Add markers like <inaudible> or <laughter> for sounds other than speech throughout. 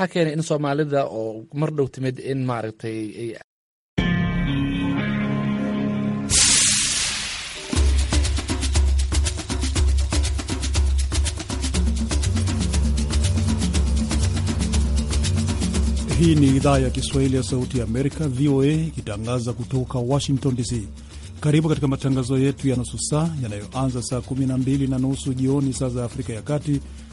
maxaa keenay in soomaalida oo mar dhow timid in maaragtay Hii ni idhaa ya Kiswahili ya Sauti ya Amerika, VOA, ikitangaza kutoka Washington DC. Karibu katika matangazo yetu ya nusu saa yanayoanza saa 12 na nusu jioni saa za Afrika ya Kati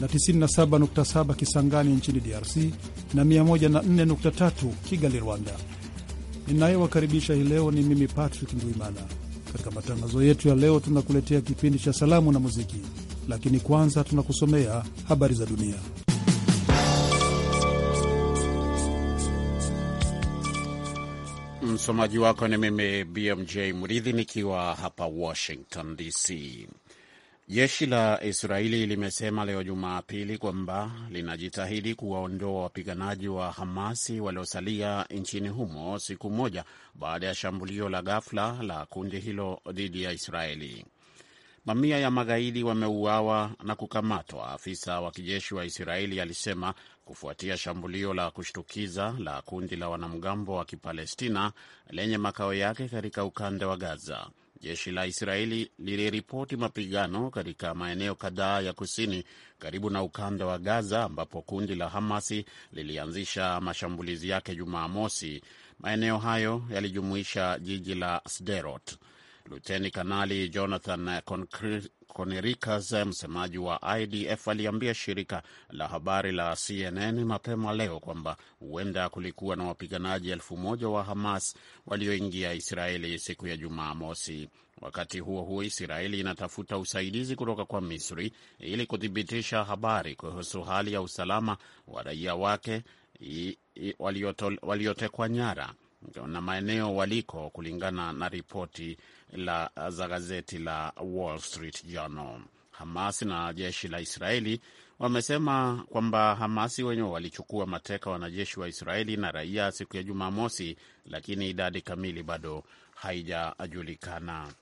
na 97.7 Kisangani nchini DRC na 104.3 Kigali, Rwanda. Ninayewakaribisha hii leo ni mimi Patrick Ndwimana. Katika matangazo yetu ya leo, tunakuletea kipindi cha salamu na muziki, lakini kwanza tunakusomea habari za dunia. Msomaji wako ni mimi BMJ Mridhi nikiwa hapa Washington DC. Jeshi la Israeli limesema leo Jumapili kwamba linajitahidi kuwaondoa wapiganaji wa Hamasi waliosalia nchini humo siku moja baada ya shambulio la ghafla la kundi hilo dhidi ya Israeli. Mamia ya magaidi wameuawa na kukamatwa, afisa wa kijeshi wa Israeli alisema kufuatia shambulio la kushtukiza la kundi la wanamgambo wa Kipalestina lenye makao yake katika ukanda wa Gaza jeshi la Israeli liliripoti mapigano katika maeneo kadhaa ya kusini karibu na ukanda wa Gaza, ambapo kundi la Hamasi lilianzisha mashambulizi yake Jumaa mosi. Maeneo hayo yalijumuisha jiji la Sderot. Luteni Kanali Jonathan Conericas, msemaji wa IDF, aliambia shirika la habari la CNN mapema leo kwamba huenda kulikuwa na wapiganaji elfu moja wa Hamas walioingia Israeli siku ya Jumamosi. Wakati huo huo, Israeli inatafuta usaidizi kutoka kwa Misri ili kuthibitisha habari kuhusu hali ya usalama wa raia wake waliotekwa nyara na maeneo waliko, kulingana na ripoti la za gazeti la Wall Street Journal. Hamas na jeshi la Israeli wamesema kwamba Hamasi wenyewe walichukua mateka wanajeshi wa Israeli na raia siku ya Jumamosi, lakini idadi kamili bado haijajulikana.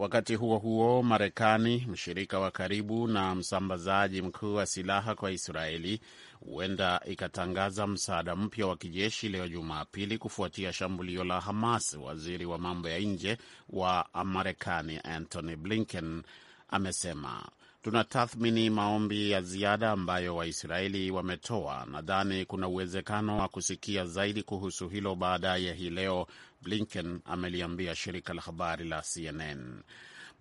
Wakati huo huo, Marekani, mshirika wa karibu na msambazaji mkuu wa silaha kwa Israeli, huenda ikatangaza msaada mpya wa kijeshi leo Jumapili kufuatia shambulio la Hamas. Waziri wa mambo ya nje wa Marekani Antony Blinken amesema tunatathmini maombi ya ziada ambayo Waisraeli wametoa. Nadhani kuna uwezekano wa kusikia zaidi kuhusu hilo baadaye hii leo, Blinken ameliambia shirika la habari la CNN.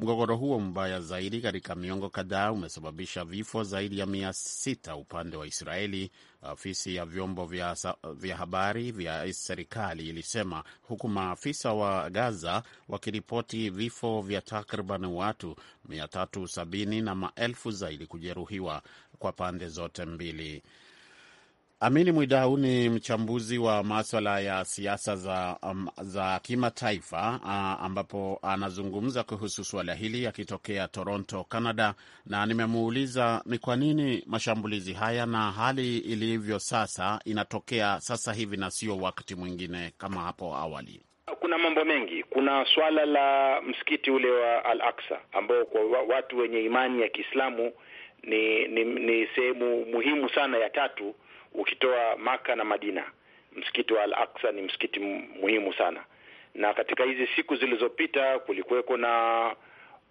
Mgogoro huo mbaya zaidi katika miongo kadhaa umesababisha vifo zaidi ya mia sita upande wa Israeli, afisi ya vyombo vya, vya habari vya serikali ilisema, huku maafisa wa Gaza wakiripoti vifo vya takriban watu 370 na maelfu zaidi kujeruhiwa kwa pande zote mbili. Amini Mwidau ni mchambuzi wa maswala ya siasa za, um, za kimataifa uh, ambapo anazungumza kuhusu suala hili akitokea Toronto, Canada, na nimemuuliza ni kwa nini mashambulizi haya na hali ilivyo sasa inatokea sasa hivi na sio wakati mwingine kama hapo awali. Kuna mambo mengi. Kuna swala la msikiti ule wa Al Aksa ambao kwa watu wenye imani ya Kiislamu ni, ni, ni sehemu muhimu sana ya tatu ukitoa Maka na Madina, msikiti wa al aksa ni msikiti muhimu sana. Na katika hizi siku zilizopita kulikuweko na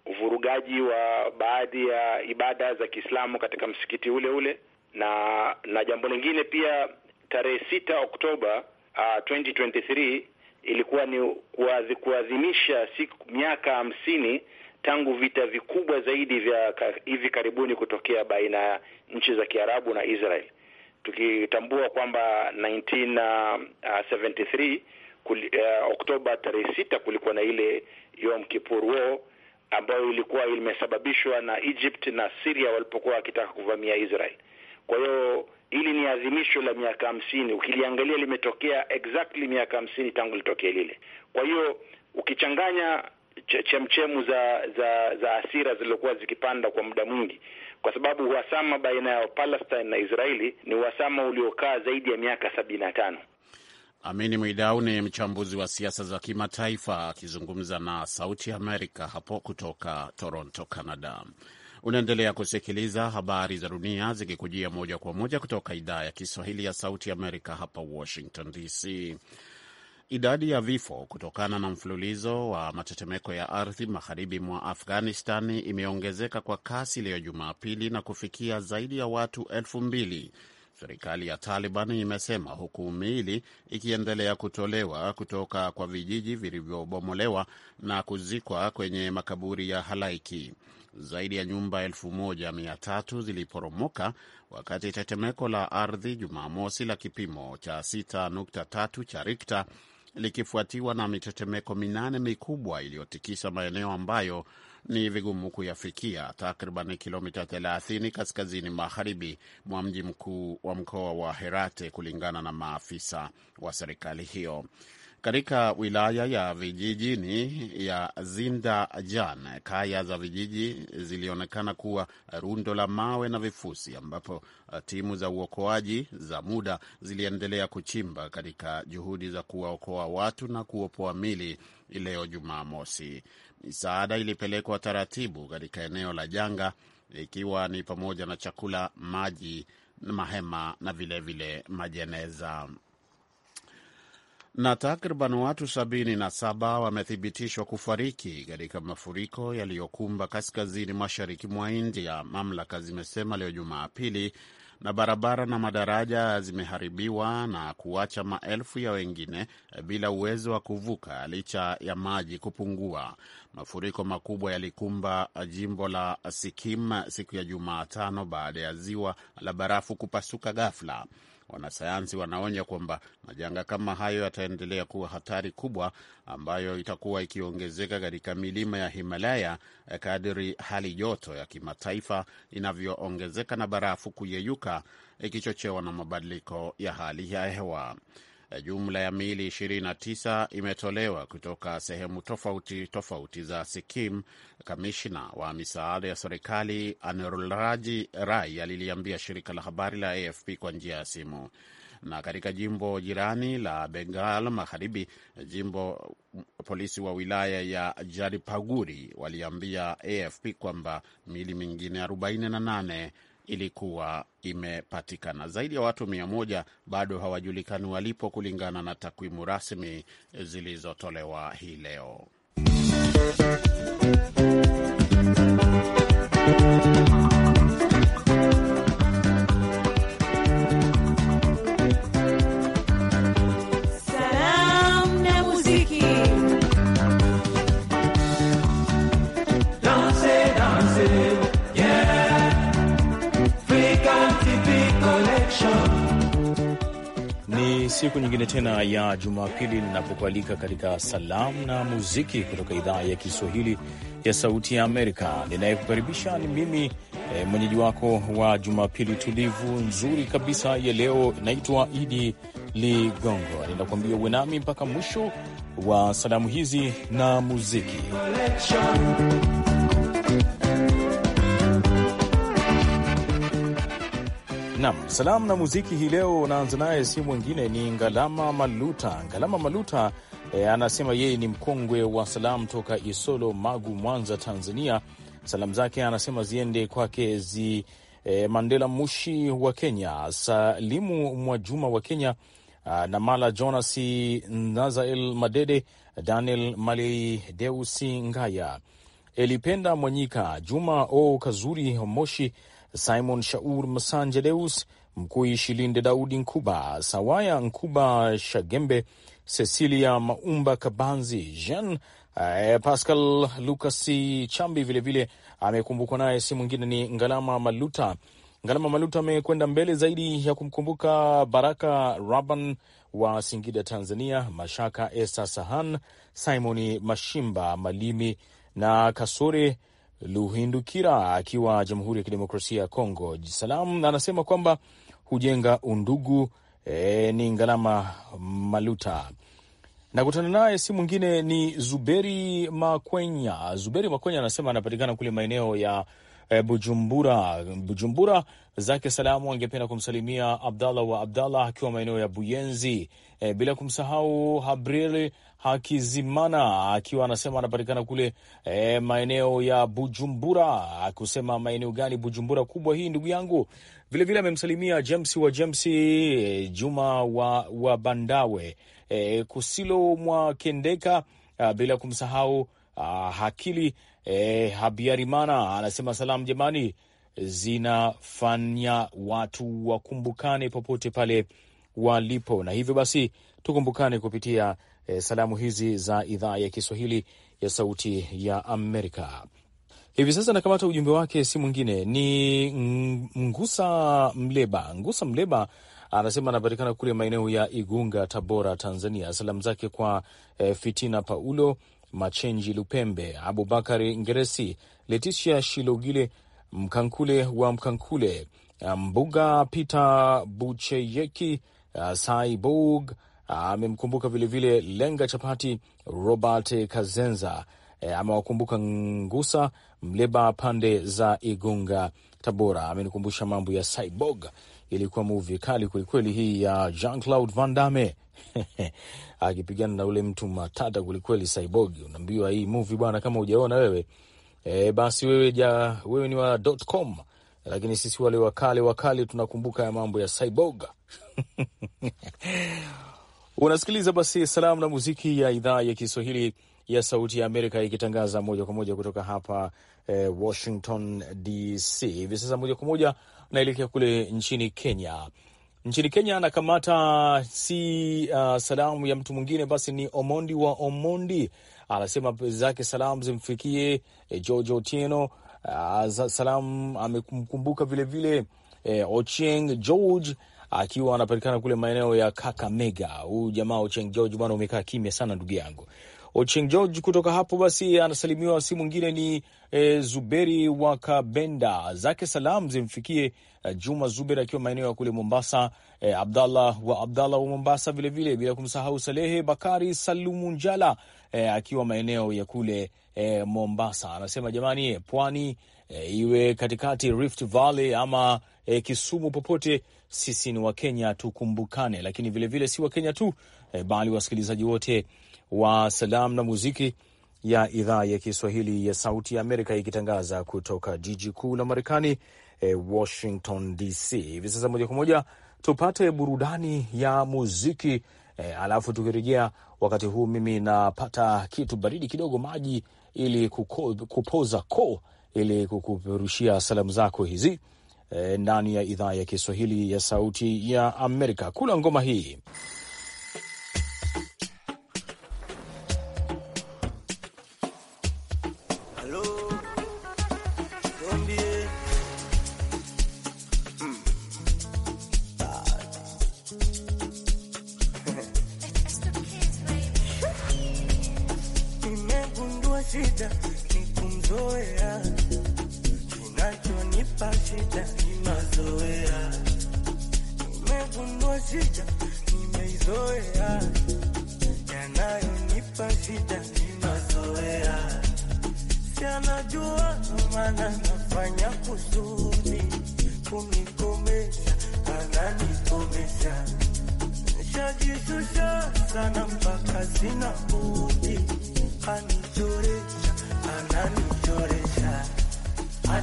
uvurugaji wa baadhi ya ibada za Kiislamu katika msikiti ule ule, na na jambo lingine pia, tarehe sita Oktoba uh, 2023 ilikuwa ni kuadhimisha siku miaka hamsini tangu vita vikubwa zaidi vya hivi karibuni kutokea baina ya nchi za Kiarabu na Israel tukitambua kwamba 1973 uh, eh, Oktoba tarehe sita kulikuwa na ile Yom Kippur War ambayo ilikuwa imesababishwa na Egypt na Syria walipokuwa wakitaka kuvamia Israel. Kwa hiyo hili ni adhimisho la miaka hamsini, ukiliangalia limetokea exactly miaka hamsini tangu litokee lile. Kwa hiyo ukichanganya chemchemu za za za asira zilizokuwa zikipanda kwa muda mwingi kwa sababu uhasama baina ya Palestine na Israeli ni uhasama uliokaa zaidi ya miaka sabini na tano. Amini Mwidau ni mchambuzi wa siasa za kimataifa akizungumza na Sauti Amerika hapo kutoka Toronto, Canada. Unaendelea kusikiliza habari za dunia zikikujia moja kwa moja kutoka idhaa ya Kiswahili ya Sauti Amerika hapa Washington DC. Idadi ya vifo kutokana na mfululizo wa matetemeko ya ardhi magharibi mwa Afghanistani imeongezeka kwa kasi leo Jumapili na kufikia zaidi ya watu elfu mbili serikali ya Taliban imesema, huku miili ikiendelea kutolewa kutoka kwa vijiji vilivyobomolewa na kuzikwa kwenye makaburi ya halaiki. Zaidi ya nyumba elfu moja mia tatu ziliporomoka wakati tetemeko la ardhi Jumamosi la kipimo cha 6.3 cha Rikta likifuatiwa na mitetemeko minane mikubwa iliyotikisa maeneo ambayo ni vigumu kuyafikia, takriban kilomita 30 kaskazini magharibi mwa mji mkuu wa mkoa wa Herate, kulingana na maafisa wa serikali hiyo katika wilaya ya vijijini ya zinda jan kaya za vijiji zilionekana kuwa rundo la mawe na vifusi, ambapo uh, timu za uokoaji za muda ziliendelea kuchimba katika juhudi za kuwaokoa watu na kuopoa mili leo Jumamosi. Misaada ilipelekwa taratibu katika eneo la janga, ikiwa ni pamoja na chakula, maji, mahema na vilevile vile majeneza na takriban watu 77 wamethibitishwa kufariki katika mafuriko yaliyokumba kaskazini mashariki mwa India, mamlaka zimesema leo Jumapili, na barabara na madaraja zimeharibiwa na kuacha maelfu ya wengine bila uwezo wa kuvuka licha ya maji kupungua. Mafuriko makubwa yalikumba jimbo la Sikkim siku ya Jumatano baada ya ziwa la barafu kupasuka ghafla. Wanasayansi wanaonya kwamba majanga kama hayo yataendelea kuwa hatari kubwa ambayo itakuwa ikiongezeka katika milima ya Himalaya kadiri hali joto ya kimataifa inavyoongezeka na barafu kuyeyuka ikichochewa na mabadiliko ya hali ya hewa. Jumla ya miili 29 imetolewa kutoka sehemu tofauti tofauti za Sikkim. Kamishna wa misaada ya serikali Anurraji Rai aliliambia shirika la habari la AFP kwa njia ya simu. Na katika jimbo jirani la Bengal Magharibi, jimbo polisi wa wilaya ya Jalpaiguri waliambia AFP kwamba miili mingine 48 ilikuwa imepatikana. Zaidi ya watu mia moja bado hawajulikani walipo, kulingana na takwimu rasmi zilizotolewa hii leo. Ni siku nyingine tena ya Jumapili ninapokualika katika salamu na muziki kutoka idhaa ya Kiswahili ya Sauti ya Amerika. Ninayekukaribisha ni mimi e, mwenyeji wako wa Jumapili tulivu nzuri kabisa ya leo. Naitwa Idi Ligongo, ninakuambia uwe nami mpaka mwisho wa salamu hizi na muziki Nam salamu na muziki hii leo unaanza naye, si mwingine ni Ngalama Maluta. Ngalama Maluta e, anasema yeye ni mkongwe wa salamu toka Isolo, Magu, Mwanza, Tanzania. Salamu zake anasema ziende kwake zi e, Mandela Mushi wa Kenya, Salimu Mwajuma wa Kenya, ah, Namala Jonas, Nazael Madede, Daniel Malei, Deusi Ngaya, Elipenda Mwanyika, Juma O Kazuri Moshi Simon Shaur masanja Deus, Mkui Shilinde Daudi Nkuba, Sawaya Nkuba Shagembe, Cecilia Maumba Kabanzi, Jean uh, Pascal Lucas Chambi vilevile amekumbukwa naye, si mwingine ni Ngalama Maluta. Ngalama Maluta amekwenda mbele zaidi ya kumkumbuka Baraka Raban wa Singida, Tanzania, Mashaka Esa Sahan, Simoni Mashimba Malimi na Kasore Luhindukira akiwa Jamhuri ya Kidemokrasia ya Kongo Salam anasema kwamba hujenga undugu e, ni Ngalama Maluta. Nakutana naye si mwingine ni Zuberi Makwenya. Zuberi Makwenya anasema anapatikana kule maeneo ya e, Bujumbura, Bujumbura zake salamu, angependa kumsalimia Abdallah wa Abdallah akiwa maeneo ya Buyenzi, e, bila kumsahau Habrili Hakizimana akiwa anasema anapatikana kule e, maeneo ya Bujumbura, akusema maeneo gani Bujumbura kubwa hii ndugu yangu. Vilevile amemsalimia vile James wa James eh, Juma wa, wa Bandawe e, Kusilo mwa Kendeka a, ah, bila kumsahau a, ah, Hakili e, Habiarimana anasema salamu jamani, zinafanya watu wakumbukane popote pale walipo, na hivyo basi tukumbukane kupitia e, salamu hizi za idhaa ya Kiswahili ya Sauti ya Amerika. Hivi sasa nakamata ujumbe wake, si mwingine ni Ngusa Mleba. Ngusa Mleba anasema anapatikana kule maeneo ya Igunga, Tabora, Tanzania. Salamu zake kwa e, Fitina Paulo Machenji Lupembe, Abubakari Ngeresi, letisia Shilogile, Mkankule wa Mkankule, Mbuga Peter Bucheyeki, uh, eh, Saibog amemkumbuka vilevile Lenga Chapati Robert Kazenza, e, amewakumbuka Ngusa Mleba pande za Igunga Tabora. Amenikumbusha mambo ya Cyborg, ilikuwa muvi kali kwelikweli hii ya Jean Claude Van Damme <laughs> akipigana na ule mtu matata kwelikweli. Cyborg, unaambiwa hii muvi bwana, kama ujaona wewe e, basi wewe ja, wewe ni wa .com lakini sisi wale wakale wakale tunakumbuka ya mambo ya Cyborg <laughs> Unasikiliza basi salamu na muziki ya idhaa ya Kiswahili ya Sauti ya Amerika ikitangaza moja kwa moja kutoka hapa eh, Washington DC. Hivi sasa moja kwa moja naelekea kule nchini Kenya. Nchini Kenya anakamata si uh, salamu ya mtu mwingine basi ni Omondi wa Omondi, anasema zake salamu zimfikie eh, George Otieno. Uh, salamu amemkumbuka vilevile eh, Ochieng George akiwa anapatikana kule maeneo ya Kakamega. Huu jamaa Ocheng George bwana, umekaa kimya sana ndugu yangu. Ocheng George kutoka hapo basi anasalimiwa, si mwingine ni e, Zuberi wa Kabenda. Zake salam zimfikie e, Juma Zuberi akiwa maeneo ya kule Mombasa, e, Abdallah wa Abdallah wa Mombasa vilevile, bila kumsahau Salehe Bakari Salumu Njala e, akiwa maeneo ya kule e, Mombasa. Anasema jamani, pwani e, iwe katikati Rift Valley ama e, Kisumu, popote. Sisi ni Wakenya, tukumbukane, lakini vilevile vile si Wakenya tu e, bali wasikilizaji wote wa salam na muziki ya idhaa ya Kiswahili ya Sauti ya Amerika ikitangaza kutoka jiji kuu la Marekani, e, Washington DC. Hivi sasa moja kwa moja tupate burudani ya muziki e, alafu tukirejea, wakati huu mimi napata kitu baridi kidogo, maji ili kuko, kupoza koo ili kukuperushia salamu zako hizi Eh, ndani ya idhaa ya Kiswahili ya Sauti ya Amerika. Kula ngoma hii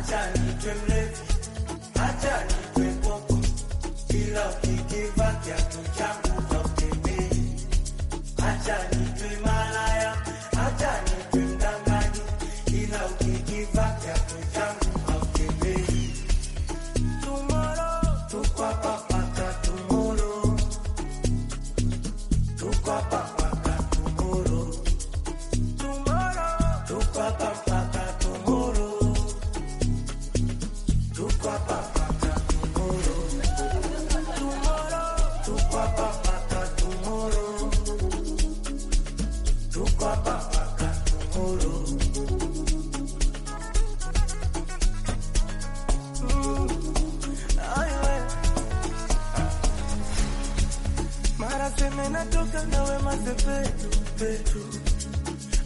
time, you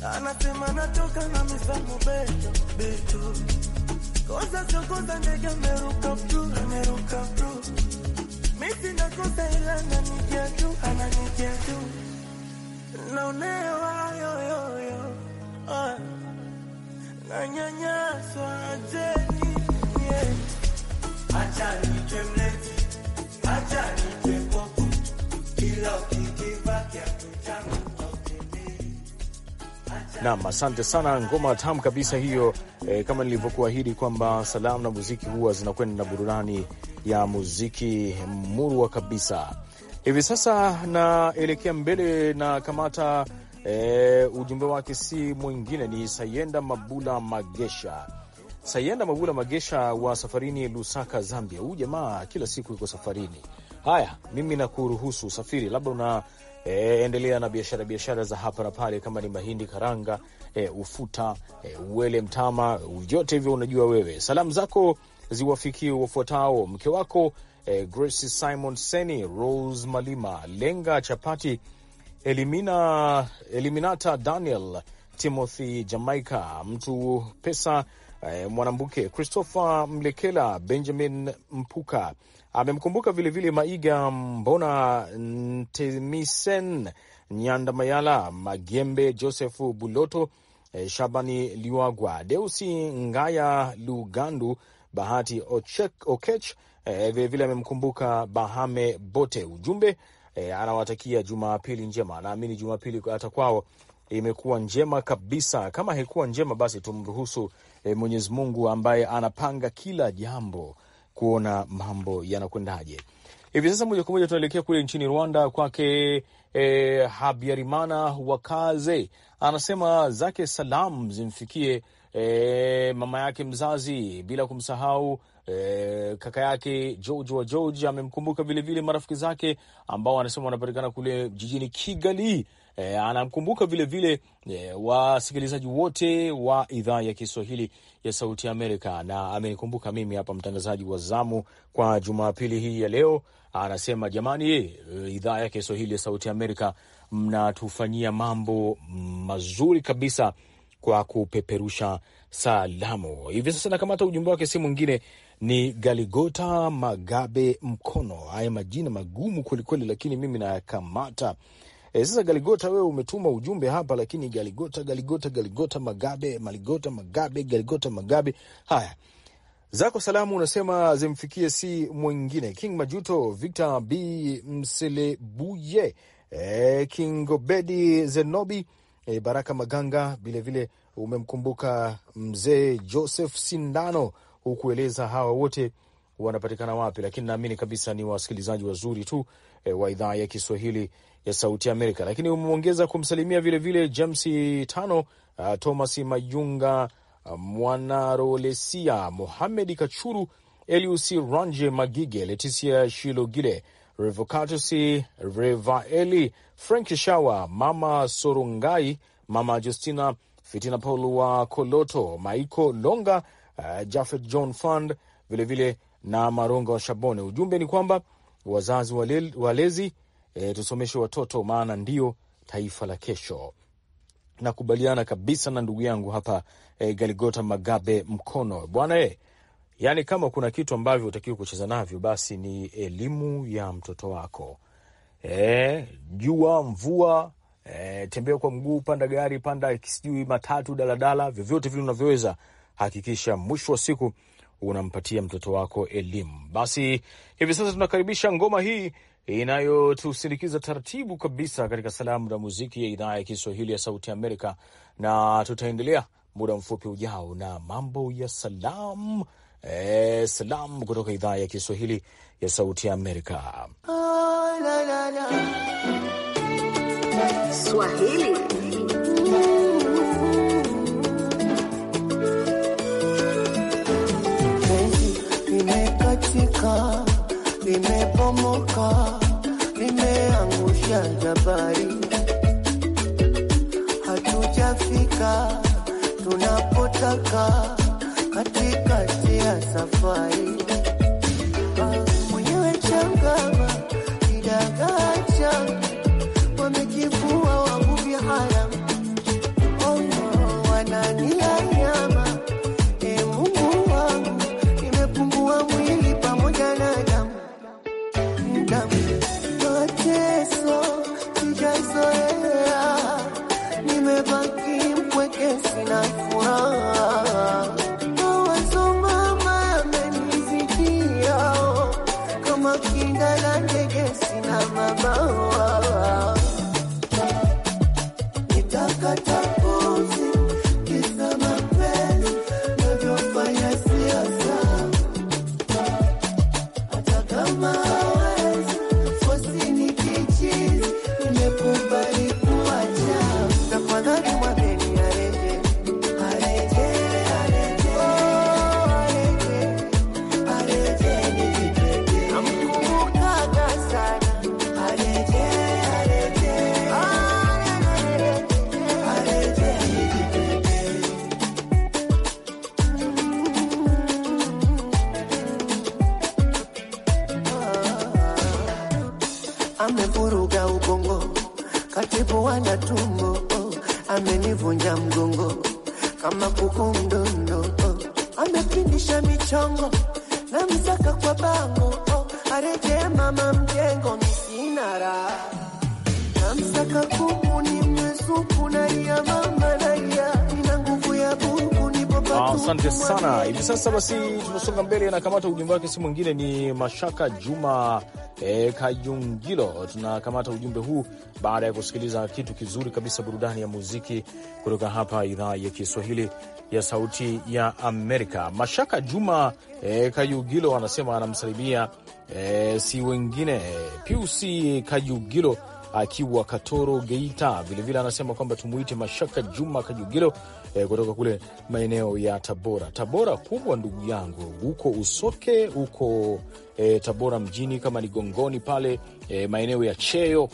anasema natoka na misamo beto beto koza koza ndege ameruka mtu ameruka bru misi koza ila nikia tu nikia tu naonewa yoyoyo ah. nanyanyaswa jeni yeah. acha ni mlezi acha ni popo kila ukikivakya tutangu Nam, asante sana. Ngoma tamu kabisa hiyo. E, kama nilivyokuahidi kwamba salamu na muziki huwa zinakwenda na burudani ya muziki murwa kabisa. Hivi sasa naelekea mbele na kamata e, ujumbe wake si mwingine ni Sayenda Mabula Magesha. Sayenda Mabula Magesha wa safarini Lusaka, Zambia. Huyu jamaa kila siku yuko safarini. Haya, mimi nakuruhusu usafiri, labda una E, endelea na biashara biashara za hapa na pale, kama ni mahindi karanga, e, ufuta, e, uwele, mtama, vyote hivyo unajua wewe. Salamu zako ziwafikie wafuatao: mke wako e, Grace Simon Seni, Rose Malima, Lenga Chapati, Elimina, Eliminata Daniel, Timothy Jamaica, mtu pesa, e, Mwanambuke, Christopher Mlekela, Benjamin Mpuka amemkumbuka vilevile Maiga Mbona, Ntemisen Nyandamayala, Magembe Josefu Buloto, eh, Shabani Liwagwa, Deusi Ngaya Lugandu, Bahati Ochek, Okech vilevile eh, amemkumbuka Bahame Bote. Ujumbe e, anawatakia Jumapili njema. Naamini Jumapili hata kwao imekuwa njema kabisa. Kama haikuwa njema, basi tumruhusu e, Mwenyezi Mungu ambaye anapanga kila jambo kuona mambo yanakwendaje hivi sasa. Moja kwa moja tunaelekea kule nchini Rwanda kwake e, Habyarimana Wakaze anasema zake salam zimfikie e, mama yake mzazi, bila kumsahau e, kaka yake George wa George amemkumbuka vilevile, marafiki zake ambao anasema wanapatikana kule jijini Kigali e, anamkumbuka vilevile e, wasikilizaji wote wa idhaa ya Kiswahili ya Sauti Amerika, na amenikumbuka mimi hapa mtangazaji wa zamu kwa Jumapili hii ya leo. Anasema jamani, e, idhaa ya Kiswahili ya Sauti Amerika mnatufanyia mambo mazuri kabisa kwa kupeperusha salamu. Hivi sasa nakamata ujumbe wake, si mwingine ni Galigota Magabe Mkono. Haya majina magumu kwelikweli, lakini mimi nayakamata. E, sasa Galigota, wewe umetuma ujumbe hapa, lakini Galigota, Galigota, Galigota Magabe, Maligota Magabe, Galigota Magabe. Haya, zako salamu unasema zimfikie si mwingine King Majuto, Victor B Mselebuye, e, King Obedi Zenobi, e, Baraka Maganga, vilevile umemkumbuka mzee Joseph Sindano. Hukueleza hawa wote wanapatikana wapi, lakini naamini kabisa ni wasikilizaji wazuri tu e, wa idhaa ya Kiswahili ya Sauti ya Amerika, lakini umeongeza kumsalimia vilevile James tano uh, Thomas Mayunga uh, Mwanarolesia Mohamed Kachuru elius Ranje Magige Leticia Shilogile Revocatus Revaeli Frank Shawa Mama Sorungai Mama Justina Fitina Paul wa Koloto Maiko Longa uh, Jafet John Fund vilevile na Maronga wa Shabone. Ujumbe ni kwamba wazazi walezi e, tusomeshe watoto, maana ndio taifa la kesho. Nakubaliana kabisa na ndugu yangu hapa e, Galigota Magabe Mkono bwana e, yani kama kuna kitu ambavyo utakiwa kucheza navyo basi ni elimu ya mtoto wako. E, jua mvua, e, tembea kwa mguu, panda gari, panda sijui matatu, daladala, vyovyote vile unavyoweza, hakikisha mwisho wa siku unampatia mtoto wako elimu. Basi hivi sasa tunakaribisha ngoma hii inayotusindikiza taratibu kabisa katika salamu na muziki ya idhaa ya Kiswahili ya Sauti ya Amerika, na tutaendelea muda mfupi ujao na mambo ya salamu E, salamu kutoka idhaa ya Kiswahili ya Sauti ya Amerika. Oh, la, la, la. Swahili Nimepomoka, nimeangusha jabari, hatujafika tunapotaka katikati ya safari mama. sana hivi sasa. Basi tunasonga mbele na kamata ujumbe wake, si mwingine ni Mashaka Juma e, Kayungilo. Tunakamata ujumbe huu baada ya kusikiliza kitu kizuri kabisa, burudani ya muziki kutoka hapa idhaa ya Kiswahili ya Sauti ya Amerika. Mashaka Juma e, Kayungilo anasema anamsalimia e, si wengine Piusi Kayungilo akiwa Katoro, Geita. Vilevile anasema kwamba tumuite Mashaka Juma Kajugilo eh, kutoka kule maeneo ya Tabora. Tabora kubwa, ndugu yangu, huko Usoke, huko eh, Tabora mjini, kama ni Gongoni pale eh, maeneo ya Cheyo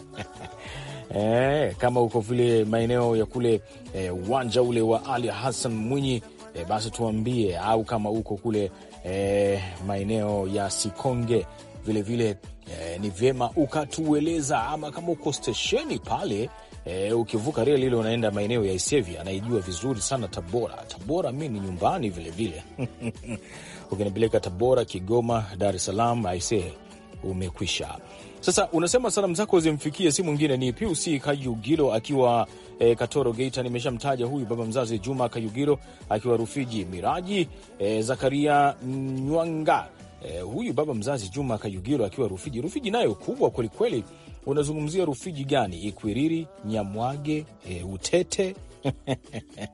<laughs> eh, kama huko vile maeneo ya kule eh, uwanja eh, ule wa Ali Hassan Mwinyi. eh, basi tuambie, au kama uko kule eh, maeneo ya Sikonge vilevile eh, ni vyema ukatueleza, ama kama uko stesheni pale eh, ukivuka reli ile unaenda maeneo ya Isevia, anaijua vizuri sana Tabora. Tabora mi ni nyumbani vilevile <laughs> ukinipeleka Tabora, Kigoma, Dar es Salaam, aisee umekwisha. Sasa unasema salamu zako zimfikie, si mwingine ni PUC Kayugiro akiwa e, Katoro Geita. Nimeshamtaja huyu baba mzazi Juma Kayugiro akiwa Rufiji, Miraji e, Zakaria Nywanga eh, huyu baba mzazi Juma Kajugiro akiwa Rufiji. Rufiji nayo kubwa kwelikweli. Unazungumzia Rufiji gani? Ikwiriri, Nyamwage, eh, Utete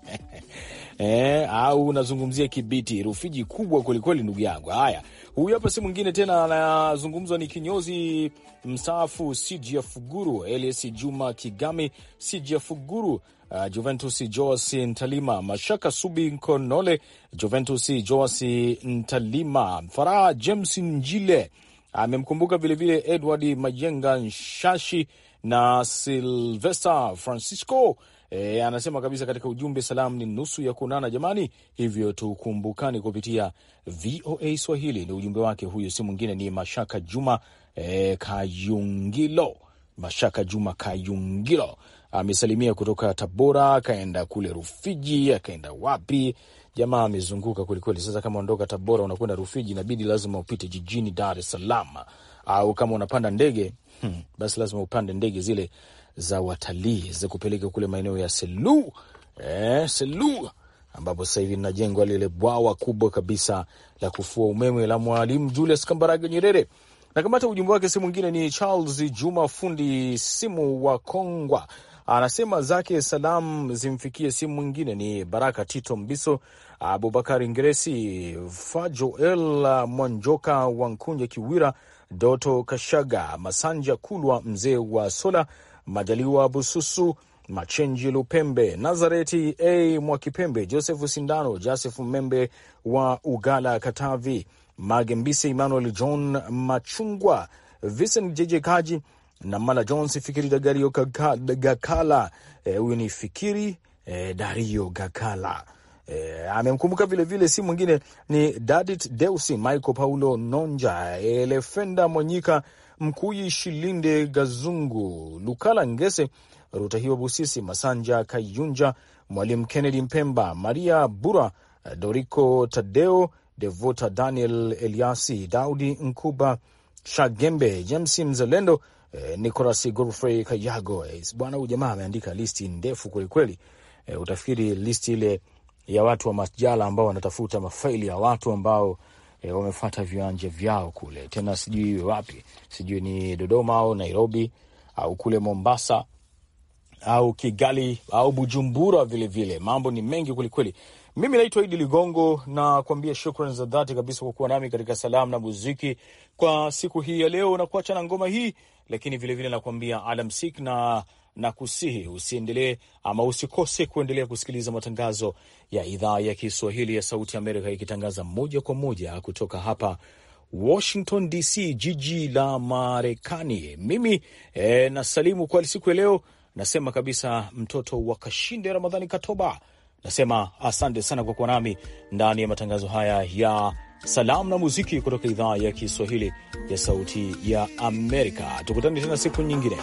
<laughs> eh, au unazungumzia Kibiti? Rufiji kubwa kwelikweli, ndugu yangu. Haya, huyu hapa si mwingine tena, anazungumzwa ni kinyozi mstaafu Sijafuguru Elias Juma Kigami Sijafuguru uh, Juventus Joasi Ntalima, Mashaka Subi Nkonole, Juventus Joasi Ntalima, Faraha James Njile amemkumbuka uh, vilevile Edward Majenga Nshashi na Silvester Francisco. E, anasema kabisa katika ujumbe, salamu ni nusu ya kuonana jamani, hivyo tukumbukani kupitia VOA Swahili. Ni ujumbe wake huyo, si mwingine ni Mashaka Juma e, Kayungilo, Mashaka Juma Kayungilo amesalimia kutoka Tabora, akaenda kule Rufiji, akaenda wapi, jamaa amezunguka kwelikweli. Sasa kama ondoka Tabora unakwenda Rufiji, inabidi lazima upite jijini Dar es Salaam, au kama unapanda ndege hmm, basi lazima upande ndege zile za watalii za kupeleka kule maeneo ya Selu, eh, Selu ambapo sasa hivi linajengwa lile bwawa kubwa kabisa la kufua umeme la Mwalimu Julius Kambarage Nyerere. Nakamata ujumbe wake si mwingine, ni Charles Juma, fundi simu wa Kongwa anasema zake salam zimfikie simu mwingine ni Baraka Tito Mbiso, Abubakari Ngresi, Fajoel Mwanjoka, Wankunja Kiwira, Doto Kashaga, Masanja Kulwa, mzee wa Sola, Majaliwa Bususu, Machenji Lupembe, Nazareti a Mwakipembe, Josefu Sindano, Josefu Membe wa Ugala, Katavi, Magembise, Emmanuel John Machungwa, Vincent Jeje Kaji na mana Jones, Fikiri Dagario Gakala, eh, huyu e, ni Fikiri e, Dario Gakala. E, amemkumbuka vilevile, si mwingine ni Dadit Deusi, Michael Paulo Nonja, Elefenda Mwanyika, Mkuyi Shilinde, Gazungu Lukala, Ngese Rutahiwa, Busisi Masanja, Kayunja, Mwalimu Kennedy Mpemba, Maria Bura, Doriko Tadeo, Devota Daniel Eliasi, Daudi Nkuba, Shagembe, James Mzelendo Eh, Nicolas Godfrey Kayago eh, bwana huyu jamaa ameandika listi ndefu kwelikweli. Eh, utafikiri listi ile ya watu wa masjala ambao wanatafuta mafaili ya watu ambao eh, wamefata viwanja vyao kule, tena sijui iwe wapi, sijui ni Dodoma au Nairobi au kule Mombasa au Kigali au Bujumbura vilevile vile. Mambo ni mengi kwelikweli mimi naitwa Idi Ligongo na kuambia shukran za dhati kabisa kwa kuwa nami katika salamu na muziki kwa siku hii ya leo, na kuacha na ngoma hii, lakini vilevile nakuambia alamsik na kusihi usiendelee ama usikose kuendelea kusikiliza matangazo ya idhaa ya Kiswahili ya Sauti ya Amerika ikitangaza moja kwa moja kutoka hapa Washington DC, jiji la Marekani. Mimi e, nasalimu kwa siku ya leo, nasema kabisa mtoto wa Kashinde Ramadhani Katoba Nasema asante sana kwa kuwa nami ndani ya matangazo haya ya salamu na muziki kutoka idhaa ya Kiswahili ya Sauti ya Amerika. Tukutane tena siku nyingine.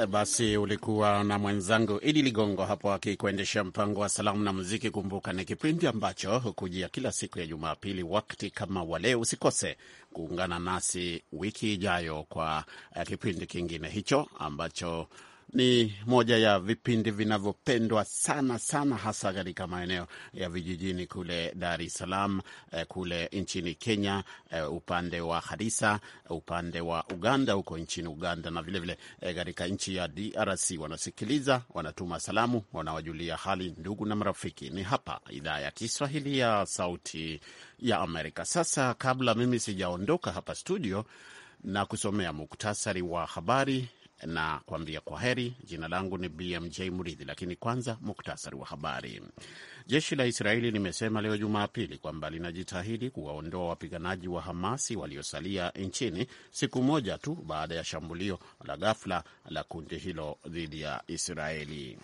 Eh, basi ulikuwa na mwenzangu Idi Ligongo hapo akikuendesha mpango wa salamu na muziki. Kumbuka ni kipindi ambacho hukujia kila siku ya Jumapili wakati kama wale. Usikose kuungana nasi wiki ijayo kwa eh, kipindi kingine hicho ambacho ni moja ya vipindi vinavyopendwa sana sana, hasa katika maeneo ya vijijini kule Dar es Salaam, eh, kule nchini Kenya, eh, upande wa Harisa, upande wa Uganda, huko nchini Uganda, na vilevile eh, katika vile nchi ya DRC. Wanasikiliza, wanatuma salamu, wanawajulia hali ndugu na marafiki. Ni hapa idhaa ya Kiswahili ya Sauti ya Amerika. Sasa kabla mimi sijaondoka hapa studio na kusomea muktasari wa habari na kuambia kwa heri. Jina langu ni BMJ mridhi lakini kwanza muktasari wa habari. Jeshi la Israeli limesema leo Jumapili kwamba linajitahidi kuwaondoa wapiganaji wa Hamasi waliosalia nchini siku moja tu baada ya shambulio la ghafla la kundi hilo dhidi ya Israeli.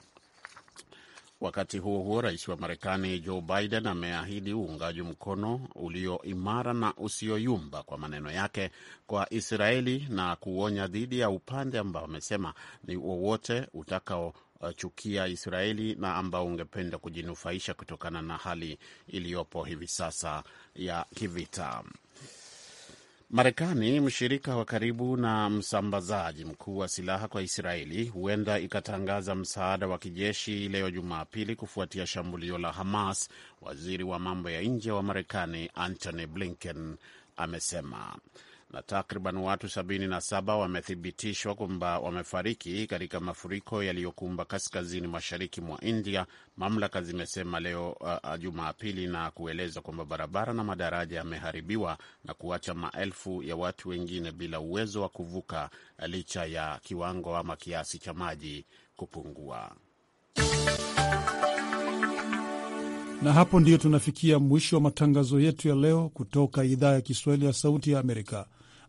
Wakati huo huo, rais wa Marekani Joe Biden ameahidi uungaji mkono ulio imara na usioyumba, kwa maneno yake, kwa Israeli na kuonya dhidi ya upande ambao amesema ni wowote utakaochukia Israeli na ambao ungependa kujinufaisha kutokana na hali iliyopo hivi sasa ya kivita. Marekani, mshirika wa karibu na msambazaji mkuu wa silaha kwa Israeli, huenda ikatangaza msaada wa kijeshi leo Jumapili kufuatia shambulio la Hamas. Waziri wa mambo ya nje wa Marekani Antony Blinken amesema na takriban watu 77 wamethibitishwa kwamba wamefariki katika mafuriko yaliyokumba kaskazini mashariki mwa India, mamlaka zimesema leo uh, uh, Jumapili, na kueleza kwamba barabara na madaraja yameharibiwa na kuacha maelfu ya watu wengine bila uwezo wa kuvuka uh, licha ya kiwango ama kiasi cha maji kupungua. Na hapo ndiyo tunafikia mwisho wa matangazo yetu ya leo kutoka idhaa ya Kiswahili ya Sauti ya Amerika.